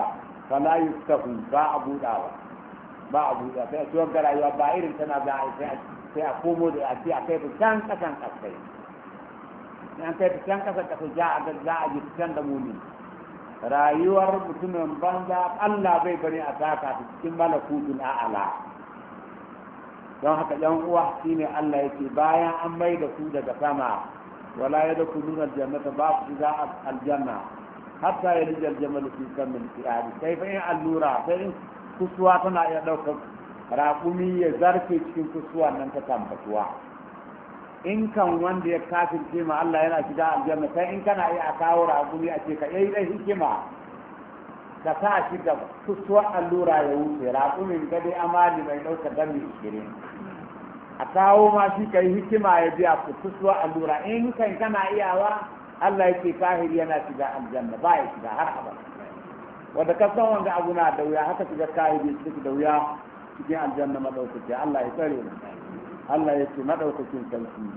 fa la yaftahu ba a budawa ba a budawa sai a ciwon rayuwa ba irin tana za a sai sai a komo da a ce a kai ta kasan kasai an kai ta can kasan kasai za a za a ji can da muni rayuwar mutumin banza Allah bai bari a taka ta cikin malakutun a'ala don haka yan uwa shi ne Allah ya ce bayan an mai da su daga sama wala yadkhuluna aljannata ba su za aljanna hatta da aljamalu fi kamil qiyam sai fa in allura sai kusuwa tana iya daukar raƙumi ya zarfe cikin kusuwa nan ta tambatuwa in kan wanda ya kafirce ma Allah yana shiga aljanna sai in kana iya kawo raƙumi a ce ka yi dai hikima ka sa shi da kusuwar allura ya wuce raƙumin gade amali mai ɗauka gami ishirin a kawo ma shi ka yi hikima ya biya kusuwar allura in kan kana iyawa Allah yake kahir yana shiga aljanna ba ya shiga har abada wanda ka san wanda abu na da wuya haka shiga ya shiga da wuya cikin aljanna madaukaki Allah ya tsare mu Allah ya ce madaukakin sarki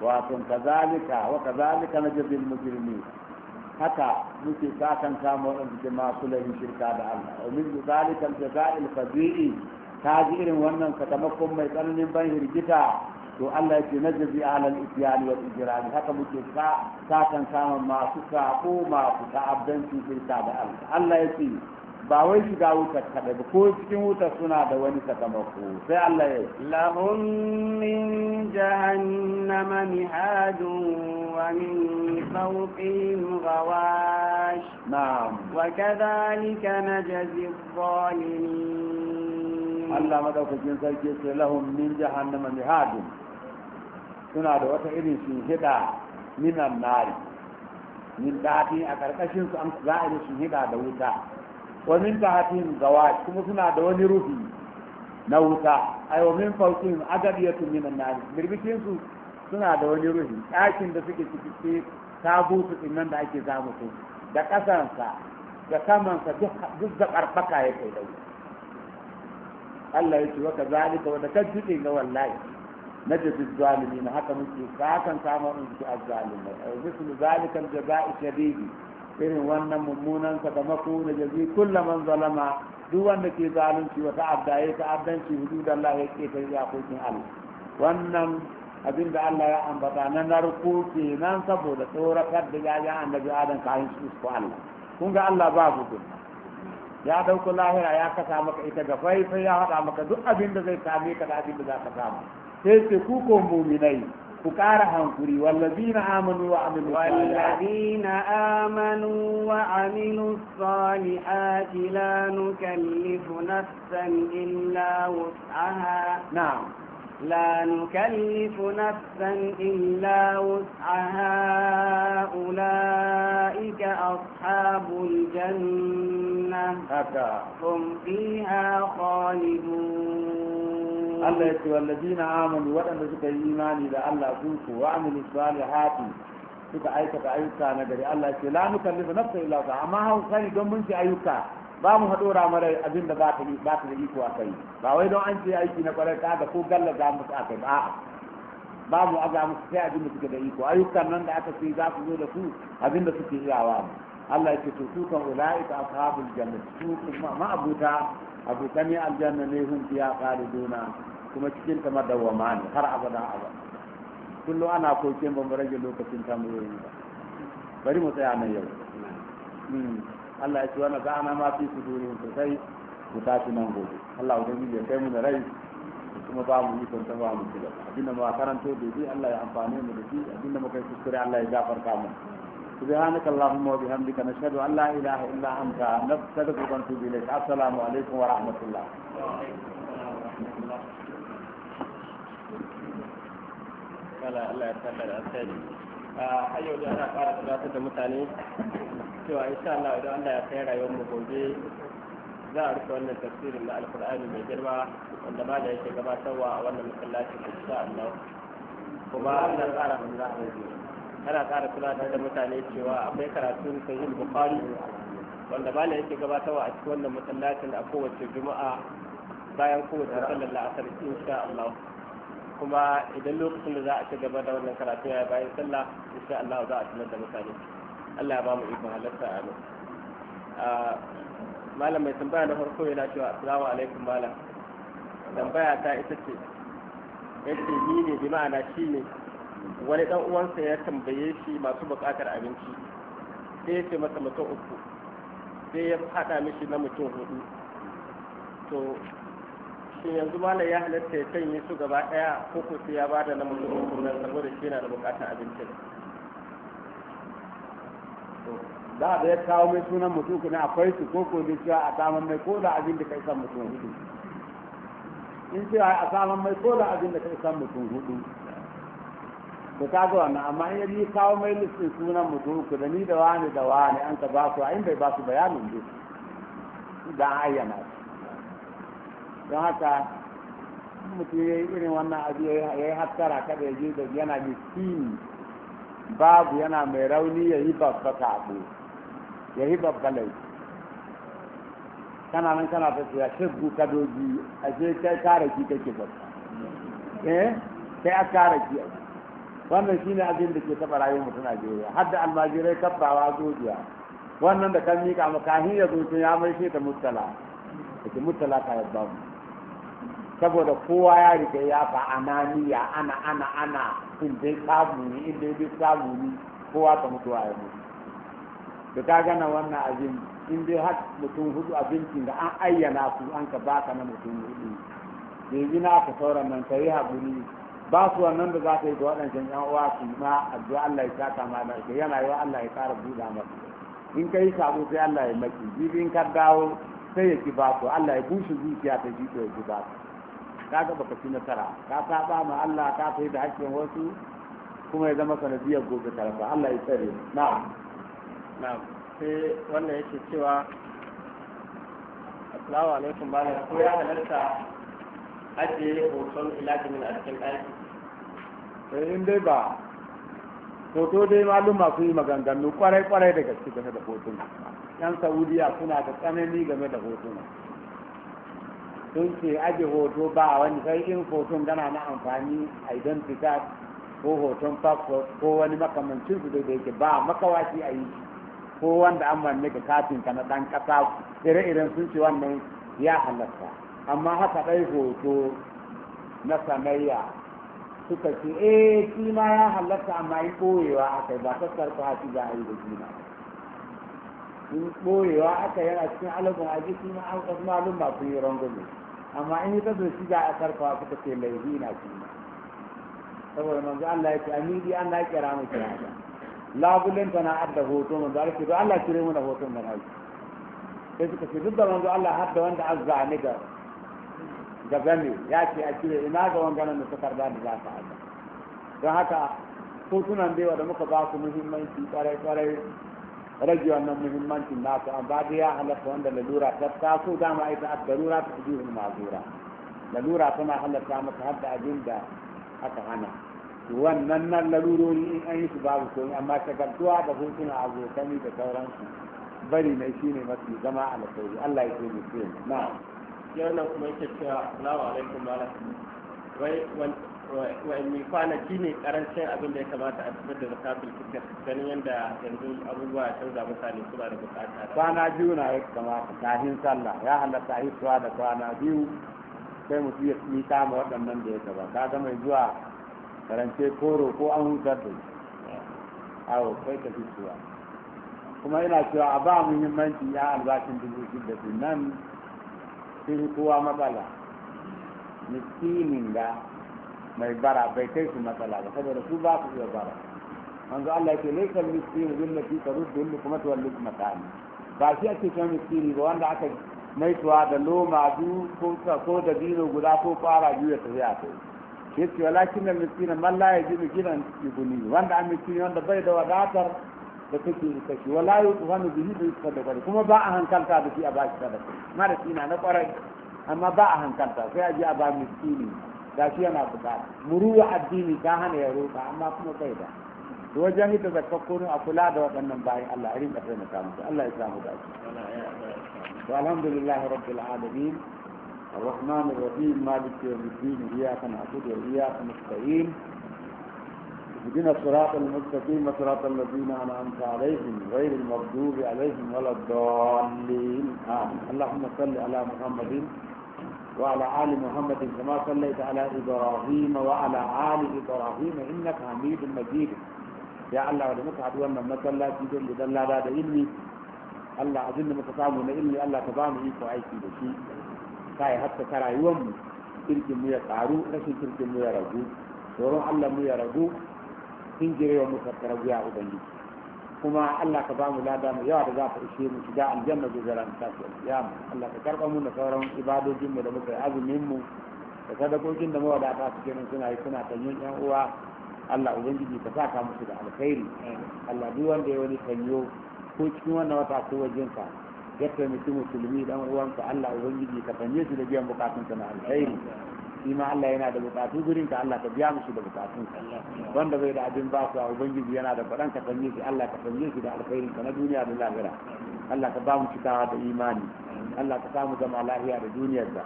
wato kazalika wa kazalika najzil mujrimin haka muke sakan kama waɗanda jama'a masu lahin shirka da Allah wa min zalikan jaza'il fadi'i ta ji irin wannan sakamakon mai tsananin ban hirgita to Allah yake najazi alal isyan wal ijrami haka muke sakan kama masu sako masu ta'addanci shirka da Allah Allah yake باوي شغاو تكتب بكوش كمو تسونا دواني ستمقو سي الله لهم من جهنم مهاد ومن فوقهم غواش نعم وكذلك نجزي الظالمين الله ما دوك جنسا لهم من جهنم مهاد سونا دواتا إذن شنهدا من النار من داتي أكاركشن سأمت غائر شنهدا دوتا wa min tahatihim zawaj kuma suna da wani rufi na wuta ay wa min fawqihim min an nar birbitin su suna da wani rufi dakin da suke ciki ce tabutu din nan da ake zamu su da kasansa da samansa duk da karfaka ya kai dauki Allah ya ce wa kazalika wa da ga wallahi نجد الظالمين حتى مثل ساعة كما مثل mislu zalika al الجزاء الشديد irin wannan mummunan sakamako na jazi kulla man zalama duk wanda ke zalunci wa ta'adda ya ta'addanci hududan Allah ya ke tare yakokin Allah wannan abin da Allah ya ambata na narko kenan saboda tsorakar da an annabi Adam kayan su ko Allah kun ga Allah ba kun ya dauko lahira ya kasa maka ita ga faifai ya haɗa maka duk abin da zai same ka da abin da za ka samu sai ce ku ko muminai ku ƙara hankuri wallazina amanu wa amilu wallazina amanu wa amilu salihati la nukallifu nafsan illa wus'aha na'am لا نكلف نفسا إلا وسعها أولئك أصحاب الجنة هم فيها خالدون Allah ya ce wallazina amanu waɗanda suka yi imani da Allah sun ku wa amilu salihati suka aikata ayyuka na gari Allah ya ce la nukallifu nafsa illa wusa amma hau sani don mun ci ayyuka ba mu haɗora mara abin da ba ta da iko a kai ba wai don an ce aiki na kwarai ta da ko galla za mu sa kai ba ba mu aga musu sai abin da suke da iko ayyukan nan da aka ce za su zo da su abin da suke iyawa Allah ya ce to su kan ula'ika ashabul jannah su kuma ma abuta abokan aljanna ne hun fiya qaliduna kuma cikin ta madawwama ne har abada abada kullum ana kokin ban rage lokacin tambayoyi ba bari mu tsaya nan yau hmm. Allah ya ci wani ga ana ma fi su durin sosai mu tashi nan gobe Allah ubangiji ya kai mu da rai kuma ba mu yi kwanta ba mu shiga abinda ma karanto da shi Allah ya amfane mu da shi abinda mu kai kuskure Allah ya gafarta mu سبحانك اللهم وبحمدك نشهد ان لا اله الا انت نستغفرك ونتوب اليك السلام عليكم ورحمه الله mala Allah ya saka da alkhairi a yau da ana ƙara tunatar da mutane cewa insha Allah idan Allah ya kai rayuwar mu gobe za a rufe wannan tafsirin na alkur'ani mai girma wanda ma da yake gabatarwa a wannan masallacin insha Allah kuma ana ƙara ana ƙara tunatar da mutane cewa akwai karatun sahih bukhari wanda ma da yake gabatarwa a cikin wannan masallacin a kowace juma'a bayan kowace sallar la'asar insha Allah kuma idan lokacin da za a ci gaba da wannan karatu ya bayan sallah insha Allah za a sanar da mutane Allah ya ba mu ikon halarta a nan malam mai tambaya na farko yana cewa assalamu alaikum malam tambaya ta ita ce yace ni ne bi ma'ana shi ne wani dan uwansa ya tambaye shi masu buƙatar abinci sai ya ce masa mutum uku sai ya fada mishi na mutum hudu to shi yanzu malam ya halatta ya canye su gaba ɗaya ko ku ya ba da na mutum kullum saboda shi yana da bukatar abincin Za a ya kawo mai sunan mutum kuma akwai su ko ko da cewa a saman mai ko da abin da kai san mutum hudu in cewa a saman mai ko da abin da kai san mutum hudu da ka ga wannan amma in yi kawo mai listin sunan mutum uku da ni da wani da wani an ka ba su a in bai ba su bayanin duk da ayyana su don haka mutum ya yi irin wannan abu ya yi haskara kada ya je da yana miskini babu yana mai rauni ya yi babba kaɓo ya yi babba laifi kana nan kana tafiya shirgu ka dogi a ce kai kare ki kake babba eh kai a kare ki wannan ne abin da ke taɓa rayuwar mutum a jeriya har da almajirai kabbawa zojiya wannan da kan mika makahin ya zo ya mai shi ta mutala da ke mutala ka yabba mu saboda kowa ya riga ya fa ananiya ana ana ana in dai samu ni in dai dai samu ni kowa ta mutu ya mutu da ka gana wannan abin in dai har mutum hudu abincin da an ayyana su an ka baka na mutum hudu da yi na ka sauran nan ka yi haƙuri ba su wannan da za ka yi ga waɗancan ƴan uwa su ma addu'a Allah ya saka ma da ke yana yi wa Allah ya ƙara buɗa masu in ka yi sabo sai Allah ya maki in ka dawo sai ya ki ba su Allah ya bushe zuciya ta jito ya ki ba su ga baka ci nasara ka saba ma Allah ka fi da hakkin wasu kuma ya zama sanadiyar gobe karfa Allah ya tsare na na'am sai wannan yake cewa assalamu alaikum malam ko ya halarta ajiye hoton ilajimin a cikin ɗaki sai eh, in dai ba hoto dai malum masu yi maganganu kwarai kwarai da gaske game da hotuna yan saudiya suna da tsanani game da hotuna sun ce aje hoto ba wani sai in hoton gana na amfani identity card ko hoton passport ko wani makamancin su da yake ba makawashi a yi ko wanda an manne ka kafin ka na dan kasa ire-iren sun ce wannan ya halatta amma haka dai hoto na sanayya suka ce eh shi ma ya halatta amma ɓoyewa koyewa kai ba sassar ka hafi za a yi da jina in koyewa aka yana cikin alabun aji shi ma an kasmalin masu yi rangume amma in ta zo shi za a karfa suka ce laifi na shi saboda manzo Allah ya ce amidi Allah ya kira mu kira ta labulen tana adda hoto manzo Allah ce Allah kire mu da hoton da ai sai suka ce duk da manzo Allah har da wanda azza zane ga ga gani ya ce a kire ina ga wanganan da suka da za ta haka don haka hotunan da yawa da muka ba ku muhimmanci kwarai kwarai rage wannan muhimmancin nasu amma dai ya halatta wanda lalura ta taso dama ita a darura ta mazura lalura tana halatta masa har da abin da aka hana wannan nan lalurori in an yi su babu komai amma shagaltuwa da abokani da sauransu bari na shi ne mafi zama a Allah ya ce mu ce na kuma yake cewa alaikum malam wai wani kwanaki ne karancin abin da ya kamata a tafi da zakatul fitr ganin yadda yanzu abubuwa canza mutane suna da bukata kwana biyu na ya kamata kafin sallah ya halatta hisuwa da kwana biyu sai mu ya yi kama waɗannan da ya gaba ta ga mai zuwa karance koro ko an hutar da awo kai ka hisuwa kuma ina cewa a ba muhimmanci ya albashin dubu shida nan sun kowa matsala miskinin da mai bara bai kai su matsala ba saboda su ba su iya bara manzo Allah yake laika miskin zullati kuma lukumatu wal lukumatani ba shi ake kan miskini ba wanda aka maituwa da loma biyu ko da dino guda ko fara biyu ya tafiya a kai shi ce walakin da miskina man la yajidu gidan ibuni wanda an miskini wanda bai da wadatar da take ita shi wala yuqanu bihi bi sadaqati kuma ba a hankalta da shi a shi sadaka mara na na kwarai amma ba a hankalta sai a ji a ba miskini داشيان أبدا مروع الدين كاهن يروح أما أقوم قيدا دو جاني تذكرون أقول هذا وأنا باي الله عليم أخي مكان الله يسلمه داشي والحمد لله رب العالمين الرحمن الرحيم مالك يوم الدين إياك نعبد وإياك نستعين اهدنا الصراط المستقيم صراط الذين أنعمت عليهم غير المغضوب عليهم ولا الضالين آمين اللهم صل على محمد وعلى آل محمد كما صليت على إبراهيم وعلى آل إبراهيم إنك حميد مجيد يا الله ولم تحد وانا مثلا جدًا جدًا لا لا إني الله أظن متسامون إني الله تبامي إيكو عيكي بشي كاي حتى ترى يوم تلك مية تعرو رشي تلك مية رجو ورون الله مية رجو تنجري ومسكر ويا أبنجي kuma Allah ka ba mu lada mu yawa da za ka ishe mu shiga aljanna da zara ta ce ya mu Allah ka karba mu da sauran ibadojin mu da muka yi azumin mu da sadakokin da mawadata suke nan suna yi suna tanyin yan uwa Allah ubangiji ka saka musu da alkhairi Allah duk wanda ya wani tanyo ko cikin wannan wata ko wajen ka ya taimaki musulmi dan uwanka Allah ubangiji ka tanye shi da biyan bukatun na alkhairi shi ma Allah yana da bukatu gurin ka Allah ka biya musu da bukatun ka wanda bai da abin ba su a ubangiji yana da faɗan ka sanye shi Allah ka sanye shi da alkhairin ka na duniya da lahira Allah ka ba mu cikawa da imani Allah ka samu zama lahiya da duniyar da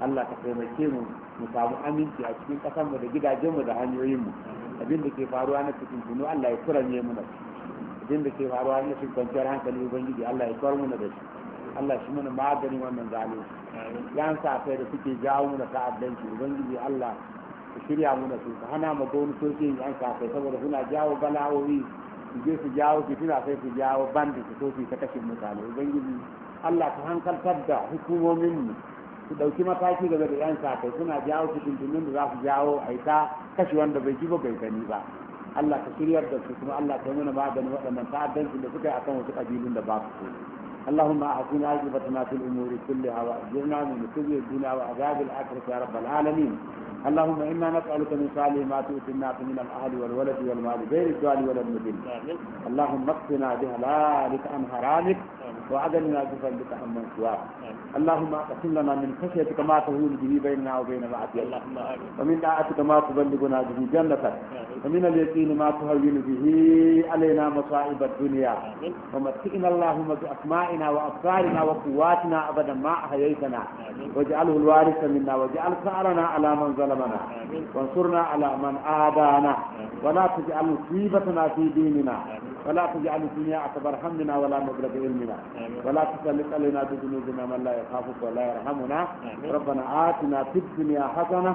Allah ka taimake mu mu samu aminci a cikin ƙasar mu da gidajen mu da hanyoyin mu abin da ke faruwa na cikin tuno Allah ya kuranye mu da abin da ke faruwa na cikin kwanciyar hankali ubangiji Allah ya kwar mu da shi Allah shi mana maganin wannan zalunci yan sa kai da suke jawo mu da ta'addanci ubangiji Allah ku shirya mu da su ka hana mu gonu soke yan sa kai saboda suna jawo bala'o'i su je su jawo fitina sai su jawo bandi su soke ta kashe mutane ubangiji Allah ka hankaltar da hukumomin mu su dauki mataki game da yan sa kai suna jawo fitintunin da za su jawo a ita kashe wanda bai ji ba bai gani ba Allah ka shiryar da su kuma Allah ka yi mana maganin waɗannan ta'addancin da suka yi akan wasu ƙabilun da ba su so اللهم أعطنا عاقبتنا في الأمور كلها وأجرنا من كل الدنيا وعذاب الآخرة يا رب العالمين اللهم إنا نسألك من صالح ما تؤتي الناس من الأهل والولد والمال غير السؤال ولا المدين اللهم اقتنا لك عن حرامك وعدم ما تفضلك عمن سواك اللهم اقسم لنا من خشيتك ما تهون به بيننا وبين معصيتك ومن طاعتك ما تبلغنا به جنتك ومن اليقين ما تهون به علينا مصائب الدنيا ومتئنا اللهم باسمائنا وابصارنا وقواتنا ابدا ما احييتنا واجعله الوارث منا واجعل ثارنا على من ظلمنا وانصرنا على من عادانا ولا تجعل مصيبتنا في ديننا ولا تجعل الدنيا اكبر همنا ولا مبلغ علمنا ولا تسلط علينا بذنوبنا من لا يخافك ولا يرحمنا ربنا آتنا في الدنيا حسنة